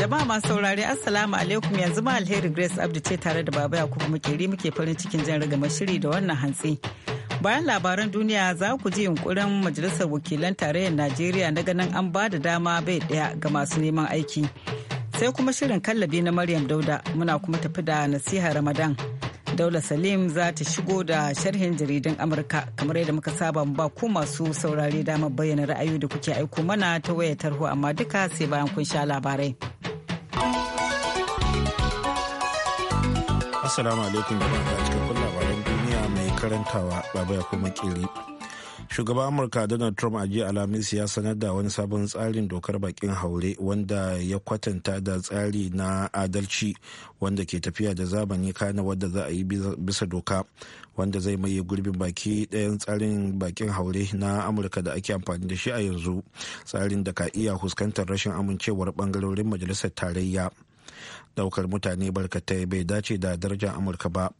Jama'a masu saurari Assalamu alaikum yanzu ma alheri Grace Abdu ce tare da Baba Yakubu Makeri muke farin cikin jan rigama shiri da wannan hantsi. Bayan labaran duniya za ku ji yunkurin Majalisar Wakilan Tarayyar Najeriya na ganin an ba da dama bai ɗaya ga masu neman aiki. Sai kuma shirin kallabi na Maryam Dauda muna kuma tafi da nasiha Ramadan. Daula Salim za ta shigo da sharhin jaridun Amurka kamar yadda muka saba ba ku masu saurare damar bayyana ra'ayi da kuke aiko mana ta waya tarho amma duka sai bayan kun sha labarai. Assalamu alaikum jama'a cikin labaran duniya mai karantawa baba ya kuma kiri. Shugaban Amurka Donald Trump a jiya Alhamis ya sanar da wani sabon tsarin dokar bakin haure wanda ya kwatanta da tsari na adalci wanda ke tafiya da zamani kana wadda za a yi bisa doka wanda zai maye gurbin baki ɗayan tsarin bakin haure na Amurka da ake amfani da shi a yanzu tsarin da ka iya fuskantar rashin amincewar bangarorin majalisar tarayya. daukar mutane barkatai bai dace da darajar amurka ba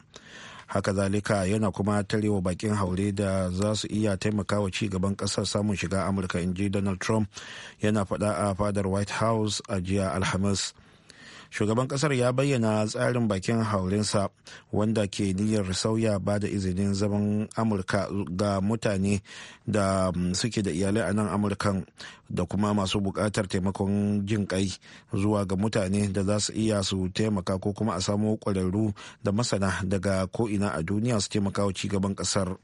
haka zalika yana kuma tarewa bakin haure da za su iya taimakawa ci gaban kasar samun shiga amurka in ji donald trump yana fada a fadar white house a jiya alhamis shugaban kasar ya bayyana tsarin bakin haurinsa wanda ke niyyar sauya ba da izinin zaman amurka ga mutane da mm, suke da iyalai a nan amurkan da kuma masu bukatar taimakon jin kai zuwa ga mutane da za su iya su taimaka ko kuma a samo kwararru da masana daga ko'ina a duniya su taimaka wa cigaban kasar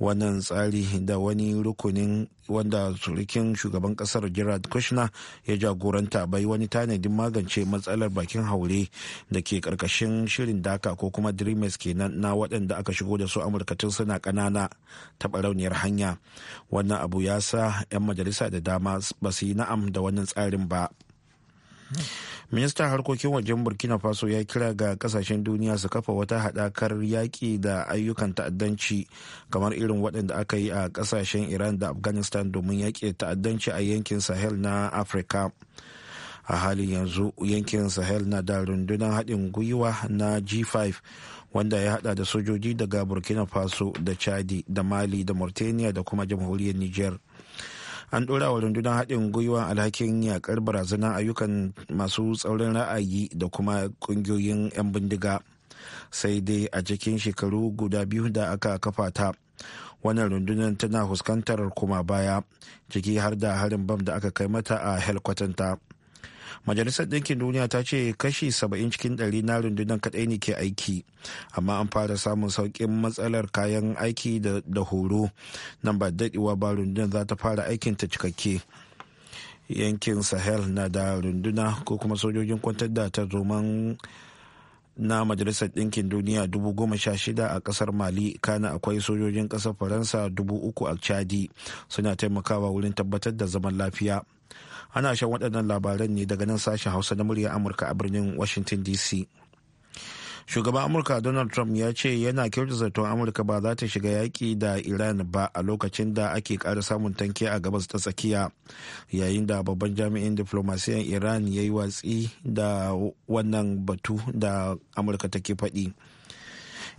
wannan tsari da wani rukunin wanda surukin shugaban kasar gerard kushner ya jagoranta bai wani tanadin magance matsalar bakin haure da ke karkashin shirin daka ko kuma dreamers kenan na waɗanda aka shigo da su amurka tun suna ƙanana rauniyar hanya wannan abu ya sa 'yan majalisa da dama ba su yi na'am da wannan tsarin ba ministan harkokin wajen burkina faso ya kira ga kasashen duniya su kafa wata haɗakar yaƙi da ayyukan ta'addanci kamar irin waɗanda aka yi a kasashen iran da afghanistan domin yaƙi ta'addanci a yankin sahel na afirka a halin yanzu yankin sahel na da rundunar haɗin gwiwa na g5 wanda ya haɗa da sojoji daga burkina faso da chadi da mali da mauritania da kuma jamhuriyar niger an ɗora wa rundunar haɗin gwiwa alhakin yakar barazanar ayyukan masu tsaurin ra'ayi da kuma ƙungiyoyin 'yan bindiga sai dai a cikin shekaru guda biyu da aka kafa ta wannan rundunar tana fuskantar kuma baya ciki har da harin bam da aka kai mata a helkwatanta majalisar ɗinkin duniya ta ce kashi 70 cikin ɗari na rundunar kaɗai ne ke aiki amma an fara samun sauƙin matsalar kayan aiki da horo nan ba daɗewa ba rundunar za ta fara aikin ta cikakke yankin sahel na da runduna ko kuma sojojin kwantar da ta tarzoman na majalisar ɗinkin duniya dubu goma sha shida a ƙasar mali kana akwai sojojin ƙasar faransa dubu uku a chadi suna taimakawa wurin tabbatar da zaman lafiya ana shan waɗannan labaran ne daga nan sashen hausa na murya amurka a birnin washington dc shugaban amurka donald trump ya ce yana kyauta zaton amurka ba za ta shiga yaƙi da iran ba a lokacin da ake ƙara samun tanke a gabas ta tsakiya yayin da babban jami'in diflomasiyan iran ya yi watsi da wannan batu da amurka take faɗi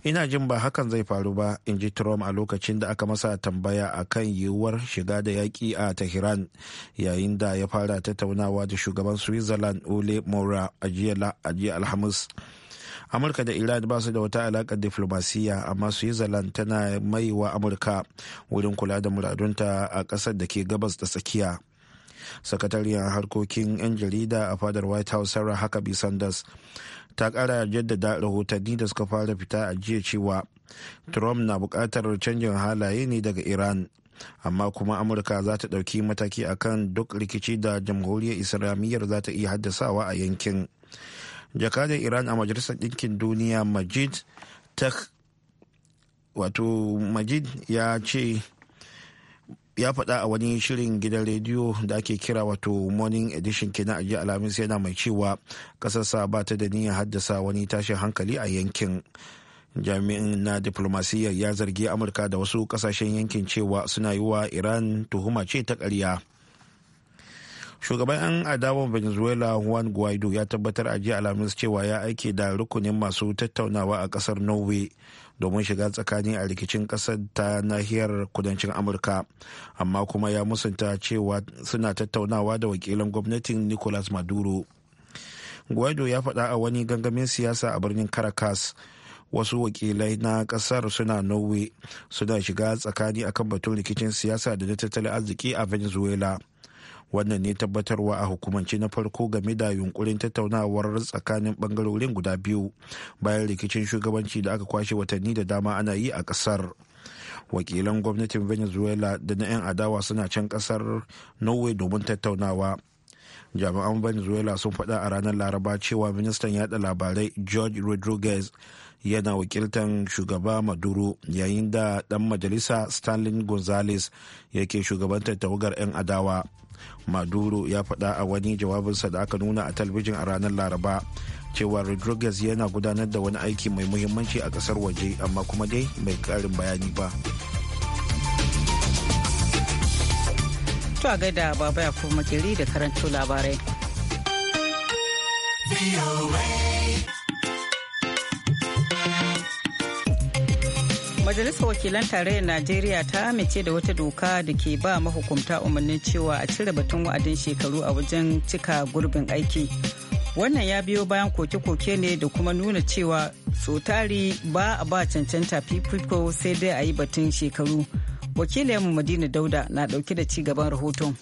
ina jin ba hakan zai faru ba in ji trump a lokacin da aka masa tambaya a kan yiwuwar shiga da yaƙi a tehran yayin da ya fara tattaunawa da shugaban switzerland ole mora a jiya alhamis amurka da iran ba su da wata alakar diflomasiyya amma switzerland tana mai wa amurka wurin kula da muradunta a ƙasar da ke gabas da tsakiya sakatariyar harkokin 'yan jarida a fadar white house sarah huckabee sanders ta kara jaddada rahotanni da suka fara fita a jiya cewa trump na bukatar canjin halaye ne daga iran amma kuma amurka za ta ɗauki mataki a kan duk rikici da jamhuriyar islamiyyar za ta iya haddasawa a yankin jakadar iran a majalisar ɗinkin duniya majid wato majid ya ce ya faɗa a wani shirin gidan rediyo da ake kira wato morning edition kenan ajiya alhamis yana mai cewa ƙasarsa ba ta da niyyar haddasa wani tashin hankali a yankin jami'in na diplomasiyyar ya zargi amurka da wasu ƙasashen yankin cewa suna yi wa iran tuhuma ce ta ƙarya shugaban 'yan adawan venezuela juan guaido ya tabbatar a jiya alhamis cewa ya aike da rukunin masu tattaunawa a ƙasar norway domin shiga tsakani a rikicin kasar ta nahiyar kudancin amurka amma kuma ya musanta cewa suna tattaunawa da wakilan gwamnatin nicolas maduro guaido ya faɗa a wani gangamin siyasa a birnin caracas wasu wakilai na ƙasar suna norway suna shiga tsakani akan batun rikicin siyasa da na tattalin arziki a venezuela wannan ne tabbatarwa a hukumance na farko game da yunkurin tattaunawar tsakanin bangarorin guda biyu bayan rikicin shugabanci da aka kwashe watanni da dama ana yi a kasar wakilan gwamnatin venezuela da na 'yan adawa suna can kasar norway domin tattaunawa jami'an venezuela sun faɗa a ranar laraba cewa ministan yada labarai george rodriguez yana wakiltan shugaba maduro yayin da dan majalisa stanley gonzales yake shugabantar tawagar 'yan adawa maduro ya faɗa a wani jawabinsa da aka nuna a talbijin a ranar laraba cewa rodriguez yana gudanar da wani aiki mai muhimmanci a ƙasar waje amma kuma dai mai ƙarin bayani ba to a gaida baba ya kuma da karanto labarai Majalisar Wakilan Tarayyar Najeriya ta amince da wata doka da ke ba mahukumta umarnin cewa a cire batun wa'adin shekaru a wajen cika gurbin aiki. Wannan ya biyo bayan koke-koke ne da kuma nuna cewa sotari ba a ba cancanta fifiko sai dai a yi batun shekaru. Wakilinmu Madina Dauda na dauke da ci gaban rahoton.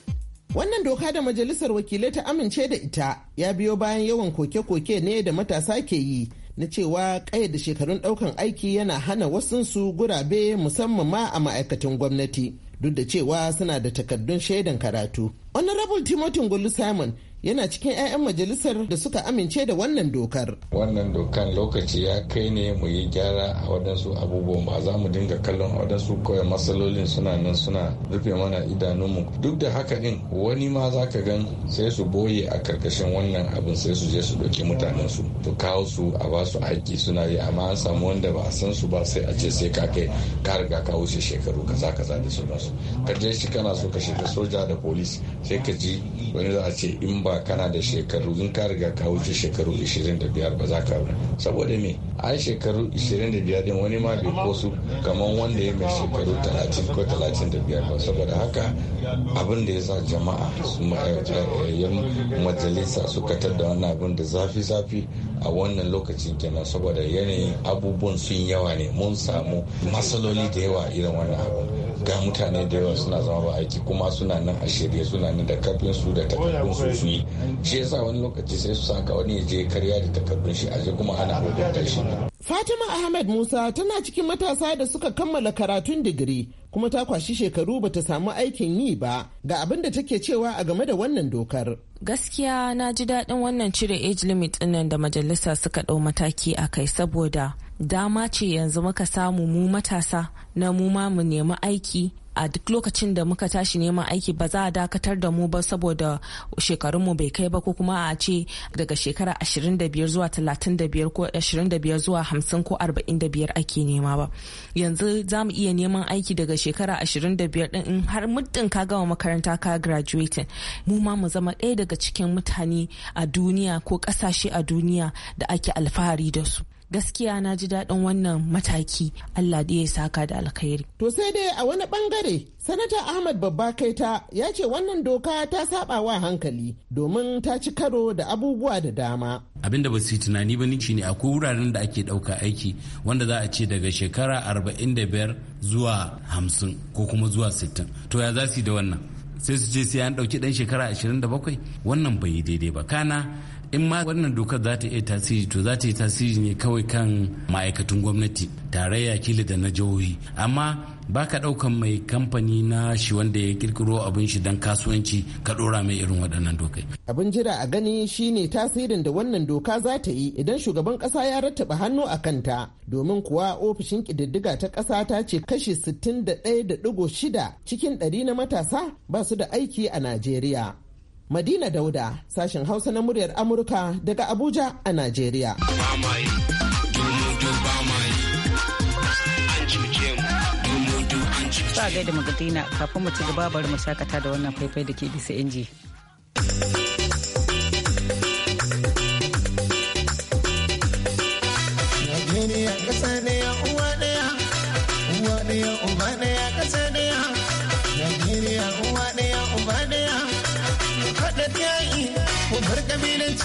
Wannan doka da majalisar wakilai ta amince da ita ya biyo bayan yawan koke-koke ne da matasa ke yi na cewa da shekarun ɗaukan aiki yana hana wasunsu gurabe musamman ma a ma'aikatan gwamnati duk da cewa suna da takaddun shaidan karatu. Honorable Timothy Ngolu Simon yana cikin 'ya'yan majalisar da suka amince da wannan dokar. Wannan dokar lokaci ya kai ne mu yi gyara a waɗansu abubuwan ba za mu dinga kallon a waɗansu kawai matsalolin suna nan suna rufe mana idanunmu. Duk da haka ɗin wani ma za ka gan sai su boye a karkashin wannan abin sai su je su ɗauki mutanen su Su kawo su a ba su aiki suna yi amma an samu wanda ba san su ba sai a ce sai ka kai ka riga ka wuce shekaru kaza kaza da sauransu. Ka je shi kana so ka shiga soja da polis sai ka ji wani za a ce in ba ba kana da shekaru in ka riga ka wuce shekaru 25 ba za ka aure saboda me ai shekaru 25 din wani ma bai su kamar wanda ya mai shekaru 30 ko 35 ba saboda haka abin da ya sa jama'a su eh, eh, eh, majalisa su ka da wannan abin da zafi-zafi a wannan lokacin kenan saboda yanayin abubuwan sun yawa ne mun samu matsaloli da yawa irin wannan abin ga mutane da yawa suna zama ba aiki kuma suna nan a shirye suna nan da karfin su da takardun su su yi shi yasa wani lokaci sai su saka wani ya je karya da takardun shi a je kuma ana hukunta shi Fatima Ahmed Musa tana cikin matasa da suka kammala karatun digiri kuma ta kwashi shekaru bata samu aikin yi ba ga abin da take cewa a game da wannan dokar. Gaskiya na ji daɗin wannan cire age limit ɗinnan da majalisa suka ɗau mataki a kai saboda dama ce yanzu muka samu mu matasa na mu ma mu nemi aiki a duk lokacin da muka tashi neman aiki ba za a dakatar da mu ba saboda shekarunmu bai kai ba ko kuma a ce daga shekara 25 zuwa 35 ko 25 zuwa 50 ko 45 ake nema ba yanzu za mu iya neman aiki daga shekara 25 din har muddin ka gama makaranta ka graduating mu ma mu zama ɗaya daga cikin mutane a duniya ko ƙasashe a duniya da ake alfahari da su gaskiya na ji daɗin wannan mataki Allah da ya saka da alkhairi. To sai dai a wani bangare sanata Ahmad babba kaita ya ce wannan doka ta saba wa hankali domin ta ci karo da abubuwa da dama. Abinda ba su yi tunani ba shi ne akwai wuraren da ake ɗauka aiki wanda za a ce daga shekara 45 zuwa 50 ko kuma zuwa 60. To ya za su yi da wannan? sai su ce sai an ɗauki ɗan shekara 27 wannan bai yi daidai ba kana in ma wannan dokar za ta iya tasiri to za ta yi tasiri ne kawai kan ma'aikatan gwamnati tarayya kila da na jihohi amma ba ka ɗaukan mai kamfani na shi wanda ya kirkiro abin shi don kasuwanci ka ɗora mai irin waɗannan dokai. Abin jira a gani shine tasirin da wannan doka za ta yi idan shugaban ƙasa ya rattaba hannu a kanta domin kuwa ofishin ƙididdiga ta kasa ta ce kashi 61.6 cikin ɗari na matasa ba su da aiki a Najeriya. Madina Dauda, sashen Hausa na muryar Amurka daga Abuja a Najeriya. Ba gaida Madina kafin mu ci gaba bari mu shakata da wannan faifai da ke bisa inji.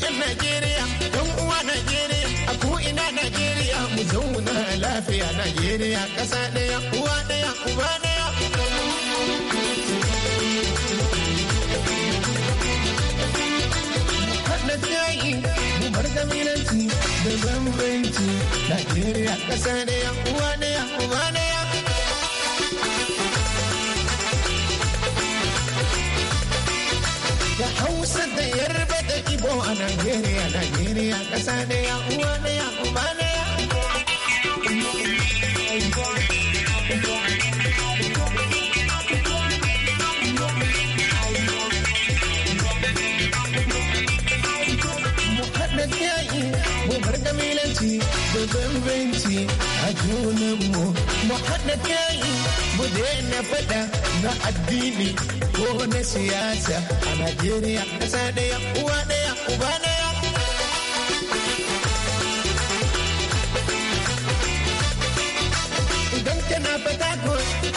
ɗin Najeriya, don uwa Najeriya, a ko'ina Najeriya, mu zauna lafiya Najeriya, ƙasa ɗaya, uwa ɗaya, uba ɗaya. Haɗa tsayi, mu bar kabilanci da bambanci, Najeriya, ƙasa ɗaya, uwa ɗaya, uba ɗaya. Najeriya, Najeriya, ƙasa ɗaya, uwa ɗaya, uba ɗaya. da bambanci a junanmu mu haɗa kai mu daina faɗa na addini ko na siyasa a Najeriya ƙasa ɗaya uwa ɗaya Idan kana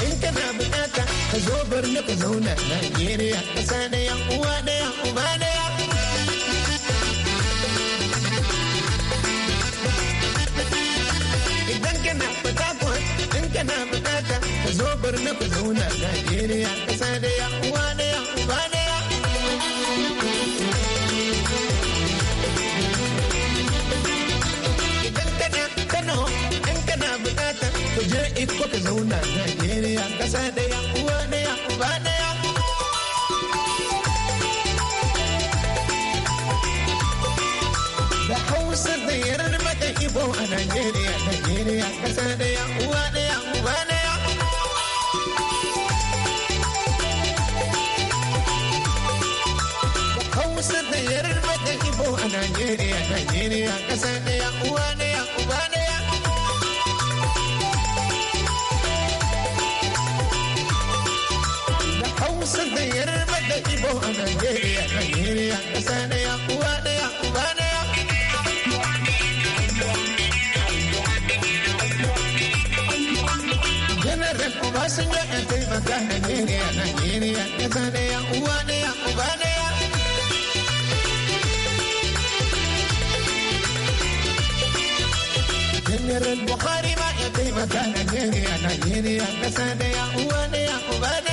in kana bukata ka zo na ku zauna Najeriya ƙasa ɗaya uwa ɗaya uba in kana bukata ka zo bar zauna Najeriya uwa uba ɗaya. ku je iko ka zauna Najeriya kasa ɗaya uwa ɗaya uba ɗaya. Da Hausa da yarar maka Ibo a Najeriya, Najeriya kasa ɗaya uwa ɗaya uba ɗaya. Da Hausa da yarar maka Ibo a Najeriya, Najeriya kasa ɗaya uwa ɗaya uba ɗaya. Yarba da Ibo a Najeriya, Najeriya ƙasa ɗaya, uwa ɗaya, uba ɗaya. General Obasanjo ya taimaka Nigeria, Nigeria, ƙasa ɗaya, uwa ɗaya, uba ɗaya. General Buhari ma ya taimaka Nigeria, Nigeria, ƙasa ɗaya, uwa ɗaya, uba ya.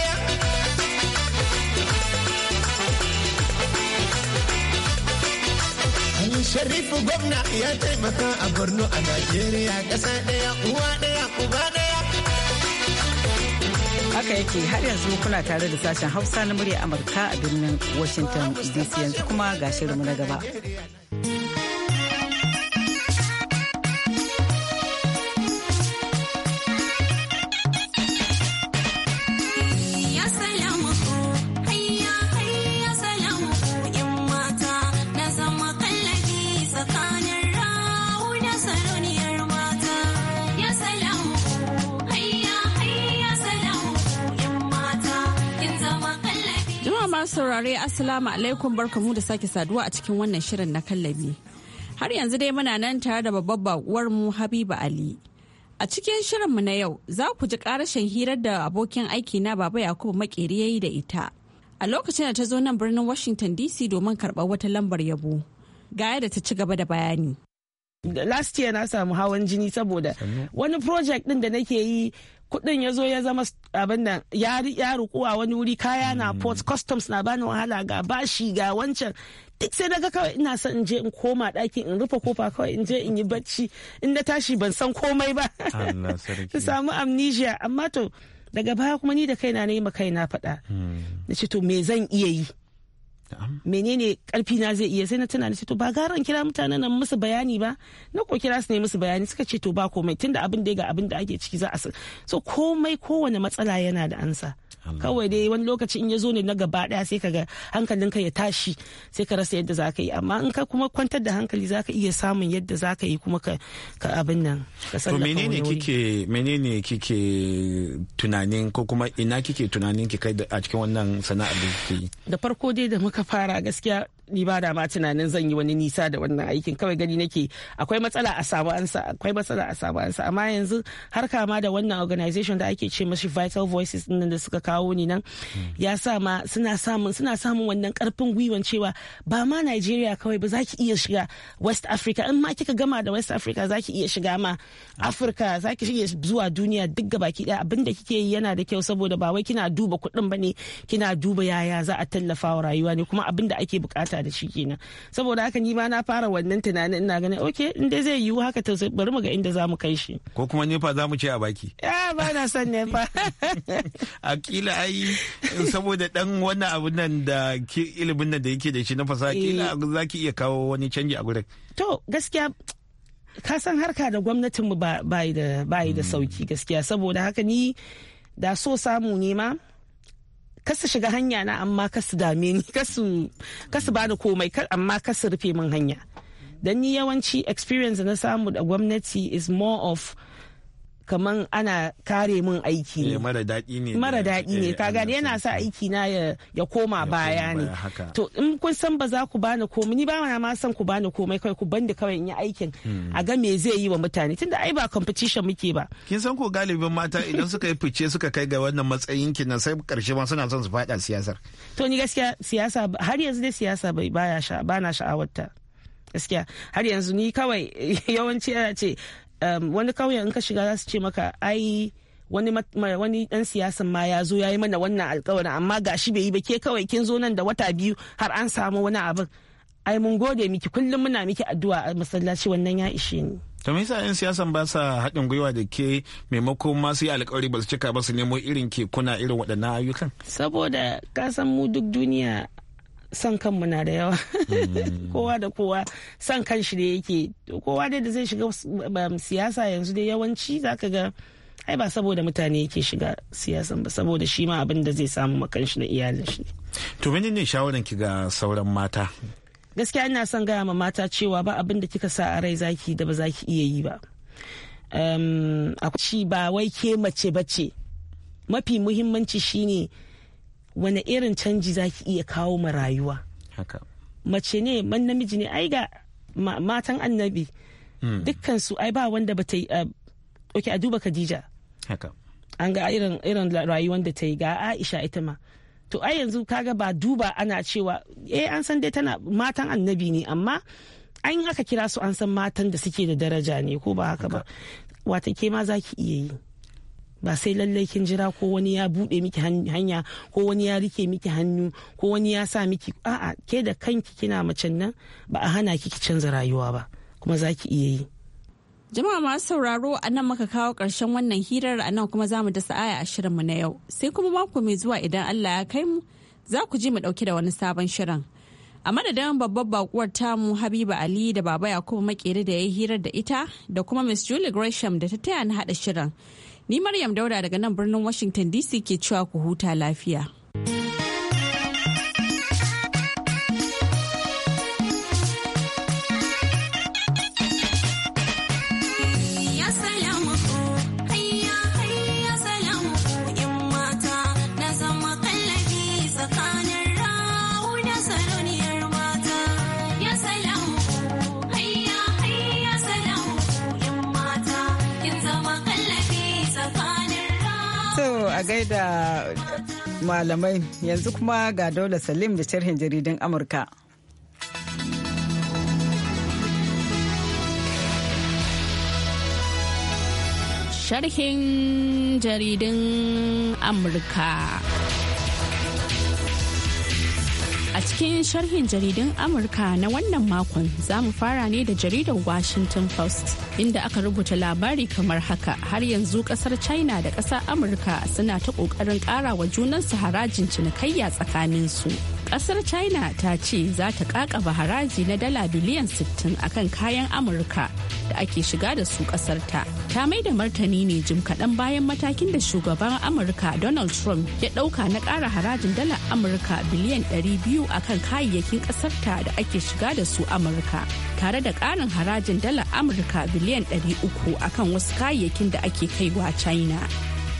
Sharifu gwamna ya taimaka a Borno a nigeria ƙasa daya uwa ɗaya uba ɗaya. Haka yake har yanzu kuna tare da sashen Hausa na murya Amurka a birnin Washington DC yanzu kuma ga shirinmu na gaba. saurare Assalamu alaikum barkamu da sake saduwa a cikin wannan shirin na kallabi. Har yanzu dai muna nan tare da babbar bakuwar mu Habiba Ali. A cikin shirinmu na yau za ku ji karashin hirar da abokin aiki na Baba Yakubu Makeri yayi da ita. A lokacin da ta zo nan birnin Washington DC domin karɓar wata lambar yabo. Ga yadda ta ci gaba da bayani. last year na samu hawan jini saboda wani project din da nake yi kudin ya zo ya zama abin da ya a wani wuri kaya na mm. port customs na bani wahala ga bashi ga wancan duk sai daga kawai ina son in je in koma ɗakin in rufe kofa kawai in je in yi bacci in na tashi ban san komai ba ta samu amnesia amma to daga baya kuma ni da kaina na yi ma kaina faɗa hmm. na ce to me zan iya yi menene karfi na zai iya sai na tunani to ba garan kira mutanen nan musu bayani ba na ko kira su ne musu bayani suka ce to ba komai tunda abin da ga abin da ake ciki za a so komai kowane matsala yana da ansa kawai dai wani lokaci in ya zo ne na gaba daya sai kaga ka ya tashi sai ka rasa yadda zaka yi amma in ka kuma kwantar da hankali zaka iya samun yadda zaka yi kuma ka ka abin nan ka to menene kike menene kike tunanin ko kuma ina kike tunanin ki kai a cikin wannan sana'ar da kike yi da farko dai da muka aka fara gaskiya ni ba da ma tunanin zan yi wani nisa da wannan aikin kawai gani nake akwai matsala a samu ansa akwai matsala a samu ansa amma yanzu har kama da wannan organization da ake ce mashi vital voices din da suka kawo ni nan hmm. ya sa ma suna samun suna samun wannan karfin gwiwan cewa ba ma Nigeria kawai ba za iya shiga West Africa in ma kika gama da West Africa za ki iya shiga ma Africa za ki iya zuwa duniya duk gabaki daya abin da kike yi yana da kyau saboda ba wai kina duba kuɗin ne kina duba yaya za a tallafa rayuwa ne kuma abin da ake bukata da shi kenan saboda haka ni ma na fara wannan tunanin ina ganin okay in dai zai yiwu haka ta bari mu ga inda zamu kai shi ko kuma nefa zamu ce a baki a ba na son nefa akila ai saboda dan wannan abun nan da ilimin nan da yake da shi na fasaha kila eh. zaki iya kawo wani canji a gurin to gaskiya ka san harka da gwamnatinmu ba yi da hmm. sauki gaskiya saboda haka ni da so samu ne ma kasu shiga hanya na amma kasu dame ni kasu bani komai amma kasu rufe min hanya dan ni yawanci experience na samu da gwamnati is more of kaman ana kare min aiki ne eh, mara daɗi ne mara daɗi ne eh, ka gani yana sa aiki na ya koma baya ne to in kun san ba za ku bani komai ni ba ma san ku bani komai kai ku bandi kawai in yi aikin hmm. a ga me zai yi wa mutane tunda ai ba competition muke ba kin san ko galibin mata idan suka yi fice suka kai ga wannan matsayin kin sai karshe ma suna son su faɗa siyasar to ni gaskiya siyasa har yanzu dai siyasa bai baya sha bana sha'awarta gaskiya har yanzu ni kawai yawanci ana ce Um, wani kauyen in ka shiga za su ce maka ai wani wani dan siyasan ma ya zo ya yi mana wannan alkawarin amma gashi bai yi ba ke kawai kin zo nan da wata biyu har an samu wani abin ai mun gode miki kullum muna miki addu'a a masallaci wannan ya ishe ni to me yasa yan siyasan ba sa haɗin gwiwa da ke maimako ma su yi alkawari ba su cika ba su nemo irin ke kuna irin waɗannan ayyukan saboda ka san mu duk duniya san kanmu na da yawa mm. kowa da kowa san kan shi da yake kowa dai da zai shiga um, siyasa yanzu dai yawanci zaka ga ai ba saboda mutane yake shiga siyasan ba saboda shi ma abin da zai samu makan shi na iyalin shi to ne shawaran ki ga sauran mata gaskiya ina son gaya ma mata cewa ba abin da kika sa a rai zaki da ba zaki iya yi ba um, a ba wai ke mace bace mafi muhimmanci shine wani irin canji zaki iya kawo ma rayuwa mace ne man namiji ne ai ga matan annabi hmm. dukkan su ai ba wanda ba ta yi uh, oke a duba khadija an ga irin irin rayuwar da ta yi ga aisha ita ma to ai yanzu kaga ba duba ana cewa eh an san dai tana matan annabi ne amma an aka kira su an san matan da suke da daraja ne ko ba haka ba wata ke ma zaki iya yi ba sai lallai kin jira ko wani ya bude miki hanya ko wani ya rike miki hannu ko wani ya sa miki a'a ke da kanki kina macen nan ba a hana ki canza rayuwa ba kuma za ki iya yi jama'a masu sauraro a nan muka kawo karshen wannan hirar a nan kuma zamu mu dasa aya a shirin mu na yau sai kuma mako mai zuwa idan allah ya kai mu za ku ji mu ɗauki da wani sabon shirin a madadin babbar bakuwar tamu habiba ali da baba yakubu makeri da ya hirar da ita da kuma miss julie gresham da ta taya na hada shirin Ni Maryam Dauda daga nan birnin Washington DC ke cewa ku huta lafiya. a gaida malamai yanzu kuma ga Daula Salim da sharhin jaridun Amurka. Sharhin jaridun Amurka. A cikin sharhin jaridun Amurka na wannan makon za mu fara ne da jaridar Washington Post inda aka rubuta labari kamar haka har yanzu kasar China da kasar Amurka suna ta ƙoƙarin ƙara wa junansu harajin cinikayya tsakaninsu. su. kasar china ta ce za ta kakaba haraji na dala biliyan 60 akan kayan amurka da ake shiga da su kasar ta ta mai da martani ne jim kaɗan bayan matakin da shugaban amurka donald trump ya ɗauka na ƙara harajin dala amurka biliyan 200 akan kayayyakin kasar ta da ake shiga da su amurka tare da ƙarin harajin dala amurka biliyan 300 akan wasu kayayyakin da ake kaiwa china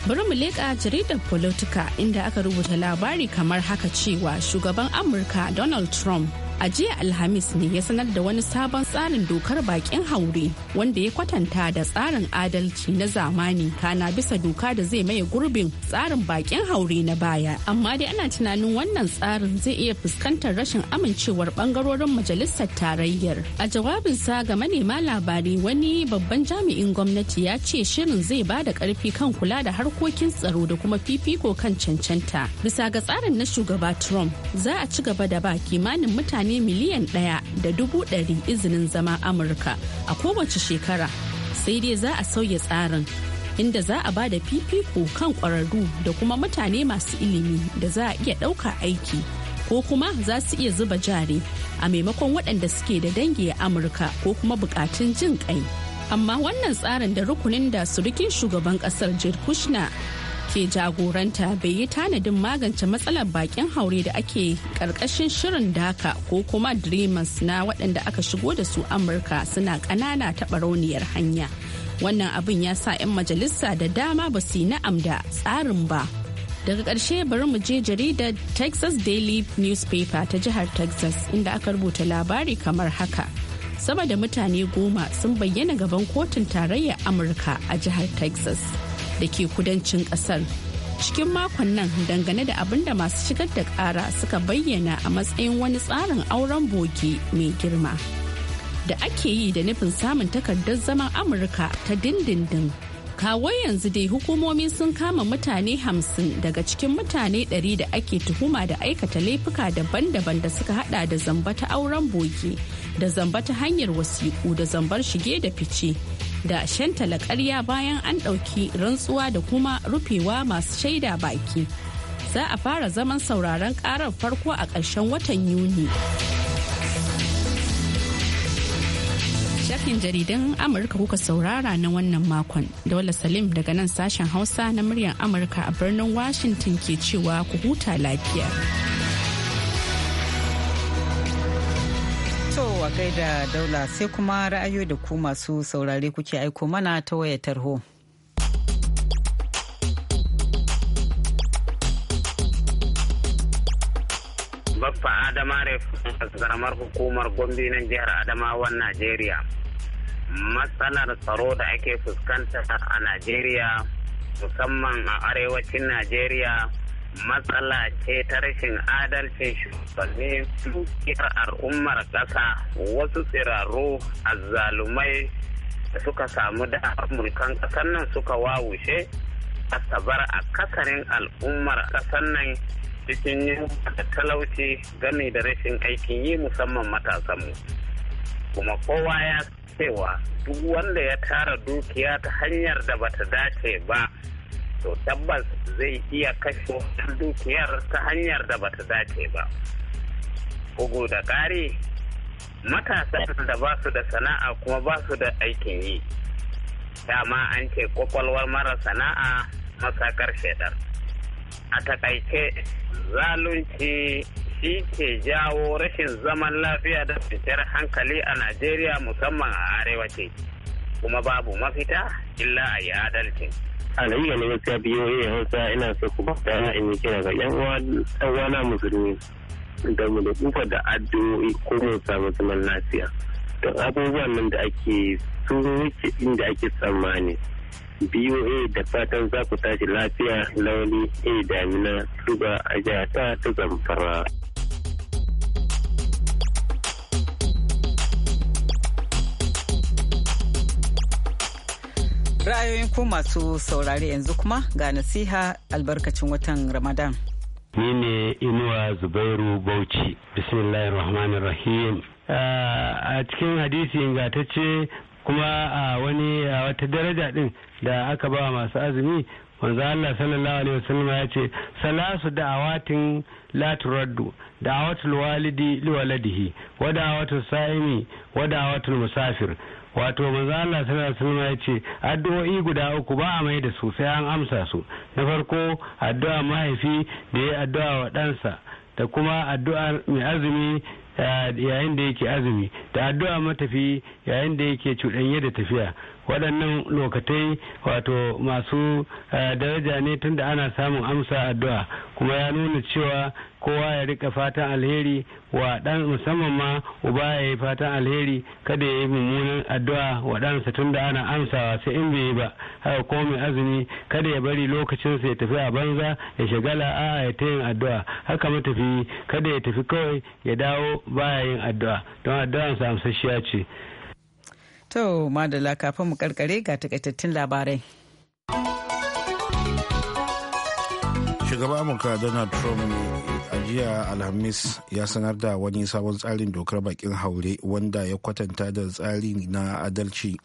bari mu leƙa jaridar politika inda aka rubuta labari kamar haka cewa shugaban amurka donald trump a jiya alhamis ne ya sanar da wani sabon tsarin dokar bakin haure wanda ya kwatanta da tsarin adalci na zamani kana bisa doka da zai maye gurbin tsarin bakin haure na baya amma dai ana tunanin wannan tsarin zai iya fuskantar rashin amincewar bangarorin majalisar tarayyar a jawabinsa ga manema labarai wani babban jami'in gwamnati ya ce shirin zai ba da karfi kan kula da harkokin tsaro da kuma fifiko kan cancanta bisa ga tsarin na shugaba trump za a ci gaba da ba kimanin mutane mutane miliyan ɗaya da dubu ɗari izinin zama amurka a kowace shekara sai dai za a sauya tsarin inda za a ba da fifiko kan ƙwararru da kuma mutane masu ilimi da za a iya ɗauka aiki ko kuma za su iya zuba jari a maimakon waɗanda suke da dangi a amurka ko kuma buƙatun jin ƙai amma wannan tsarin da rukunin da surukin shugaban ƙasar jirkushna ke jagoranta bai yi tanadin magance matsalar bakin haure da ake karkashin shirin daka ko kuma dreamers na waɗanda aka shigo da su amurka suna ƙanana ta hanya wannan abin ya sa 'yan majalisa da dama ba su yi na'am da tsarin ba daga ƙarshe bari mu je jaridar texas daily newspaper ta jihar texas inda aka rubuta labari kamar haka sama da mutane goma sun bayyana gaban kotun tarayyar amurka a jihar texas da ke kudancin kasar cikin makon nan dangane da abin da masu shigar da kara suka bayyana a matsayin wani tsarin auren boge mai girma da ake yi da nufin samun takardar zaman amurka ta dindindin kawo yanzu dai hukumomi sun kama mutane hamsin daga cikin mutane ɗari da ake tuhuma da aikata laifuka daban-daban da suka hada da zamba ta auren boge da zamba ta hanyar wasiƙu da zambar shige da fice da shantala karya bayan an ɗauki rantsuwa da kuma rufewa masu shaida baki za a fara zaman sauraron karar farko a ƙarshen watan yuni shafin jaridan amurka kuka saurara na wannan makon dole salim daga nan sashen hausa na muryar amurka a birnin washington ke cewa ku huta lafiya. a da daula sai kuma ra'ayo da ku masu saurare kuke aiko mana ta wayar tarho. Baffa Adama karamar hukumar Gombe nan jihar Adamawan Najeriya. Matsalar tsaro da ake fuskanta a Najeriya musamman a arewacin Najeriya matsala ce ta rashin adalcin shugabanni dukiyar al'ummar ƙasa wasu tsirarru azzalumai da suka samu da mulkan ƙasar nan suka wawushe a bar a kasarin al'ummar ƙasar nan cikin yin da talauci gami da rashin aikin yi musamman matasanmu kuma kowa ya cewa duk wanda ya tara dukiya ta hanyar da bata dace ba to tabbas zai iya kashe dukiyar ta hanyar da bata dace ba bugu da ƙari Matasa da ba su da sana'a kuma ba su da aikin yi dama an ce kwakwalwar mara sana'a masakar shaidar a takaice zalunci shi ke jawo rashin zaman lafiya da fitar hankali a najeriya musamman a arewaci kuma babu mafita illa a yi adalcin. alayya ne gaskiya biyo ya hausa ina so ku ba da in yi kira ga yan uwa na musulmi da mu da kufa da addu'o'i ko mu samu zaman lafiya don abubuwan nan da ake sun wuce inda ake tsammani BOA da fatan za ku tashi lafiya launi eh, a damina tuba a jata ta zamfara. Ra'ayoyin ku masu saurari yanzu kuma ga nasiha albarkacin watan Ramadan. Ni ne Inuwa Zubairu Bauchi, rahman rahim. Ah, a cikin hadisi ce kuma a wani a wata daraja din da aka ba masu azumi wanzu Allah sallallahu alaihi wasallam ya ce salasu da'awatin la turaddu da'awatul walidi liwaladihi wa da'awatul sa'imi wa da'awatul musafir wato manzo Allah sallallahu alaihi ya ce addu'o'i guda uku ba a mai da su sai an amsa su na farko addu'a mahaifi da ya addu'a wa ɗansa da kuma addu'a mai azumi eh, yayin da yake azumi da addu'a matafi yayin da yake cuɗanye da tafiya waɗannan lokatai wato masu eh, daraja ne tunda ana samun amsa addu'a kuma ya nuna cewa kowa ya rika fatan alheri wa dan musamman ma uba ya yi fatan alheri kada ya yi mummunan addu'a wa ɗansa tunda ana amsawa sai in bai yi ba haka ko mai azumi kada ya bari lokacinsa ya tafi a banza ya shagala a ya ta yin addu'a haka matafi kada ya tafi kawai ya dawo baya yin addu'a don addu'ansa amsasshiya ce To, da kafin mu karkare ga takaitattun labarai. Shugaba Amurka Donald Trump a jiya Alhamis ya sanar da wani sabon tsarin dokar bakin haure wanda ya kwatanta da tsari na adalci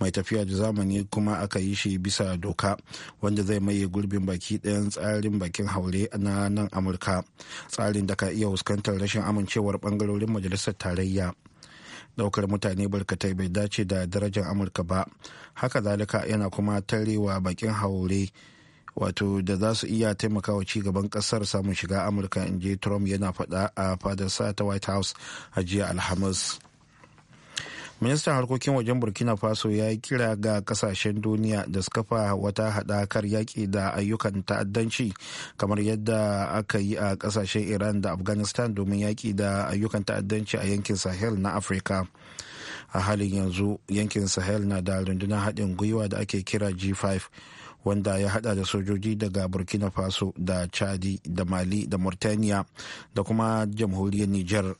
mai tafiya da zamani kuma aka yi shi bisa doka wanda zai maye gurbin baki ɗayan tsarin bakin haure na nan Amurka. Tsarin da ka iya fuskantar rashin amincewar bangarorin majalisar tarayya. daukar mutane barkatai bai dace da darajar amurka ba haka zalika yana kuma tarewa bakin haure wato da za su iya taimakawa ci gaban kasar samun shiga amurka in je trump yana faɗa a fadarsa ta white house a jiya alhamis ministan harkokin wajen burkina faso ya yi kira ga kasashen duniya da su kafa wata haɗakar yaƙi da ayyukan ta'addanci kamar yadda aka yi a kasashen iran da afghanistan domin yaƙi da ayyukan ta'addanci a yankin sahel na afirka a halin yanzu yankin sahel na da rundunar haɗin gwiwa da ake kira g5 wanda ya hada da sojoji daga burkina faso da chadi da mali da mauritania da kuma jamhuriyar niger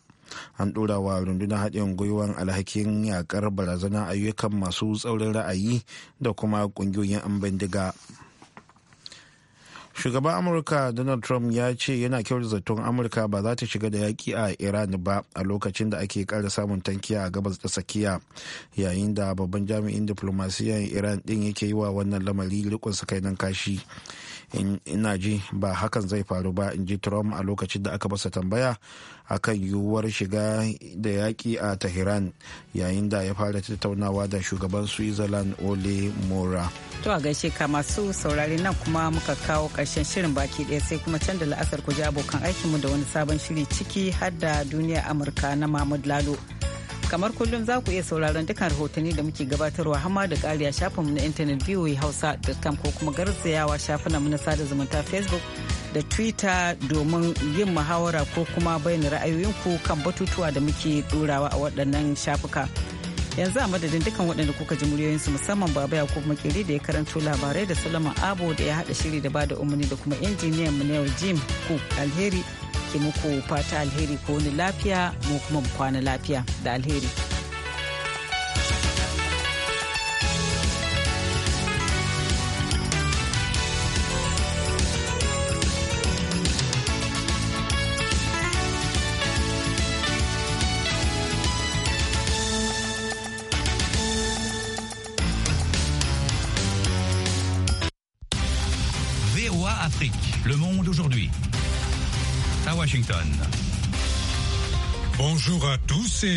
an ɗora wa rundunar haɗin gwiwar alhakin yakar barazana ayyukan masu tsaurin ra'ayi da kuma ƙungiyoyin an bindiga shugaban amurka donald trump ya ce yana kyau da zaton amurka ba za ta shiga da yaƙi a iran ba a lokacin da ake ƙara samun tankiya a gabas da tsakiya yayin da babban jami'in diplomasiyyar iran ɗin yake yi wa wannan lamari rikon sakainan kashi ina ji ba hakan zai faru ba in ji trump a lokacin da aka basa tambaya a kan yiwuwar shiga da yaƙi a tehran yayin da ya fara tattaunawa da shugaban switzerland ole mora to a gaishe ka masu saurari nan kuma muka kawo ƙarshen shirin baki ɗaya sai kuma canza da la'asar ku ji abokan aikinmu da wani sabon shiri ciki har da duniya amurka na mahmud lalo kamar kullum za ku iya sauraron dukkan rahotanni da muke gabatarwa hama da kariya shafinmu na intanet hausa voahausa.com ko kuma garzayawa mu na sada zumunta facebook da twitter domin yin muhawara ko kuma bayyana ra'ayoyinku kan batutuwa da muke ɗorawa a waɗannan shafuka. yanzu a madadin dukkan waɗanda kuka ji muryoyinsu musamman baba kuma kiri da ya karanto labarai da salama abo da ya haɗa shiri da bada umarni da kuma injiniyan mu na yau jim cook alheri ke muku fata alheri ko wani lafiya mu kuma mu kwana lafiya da alheri.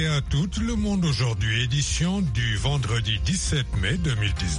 à tout Le Monde aujourd'hui, édition du vendredi 17 mai 2019.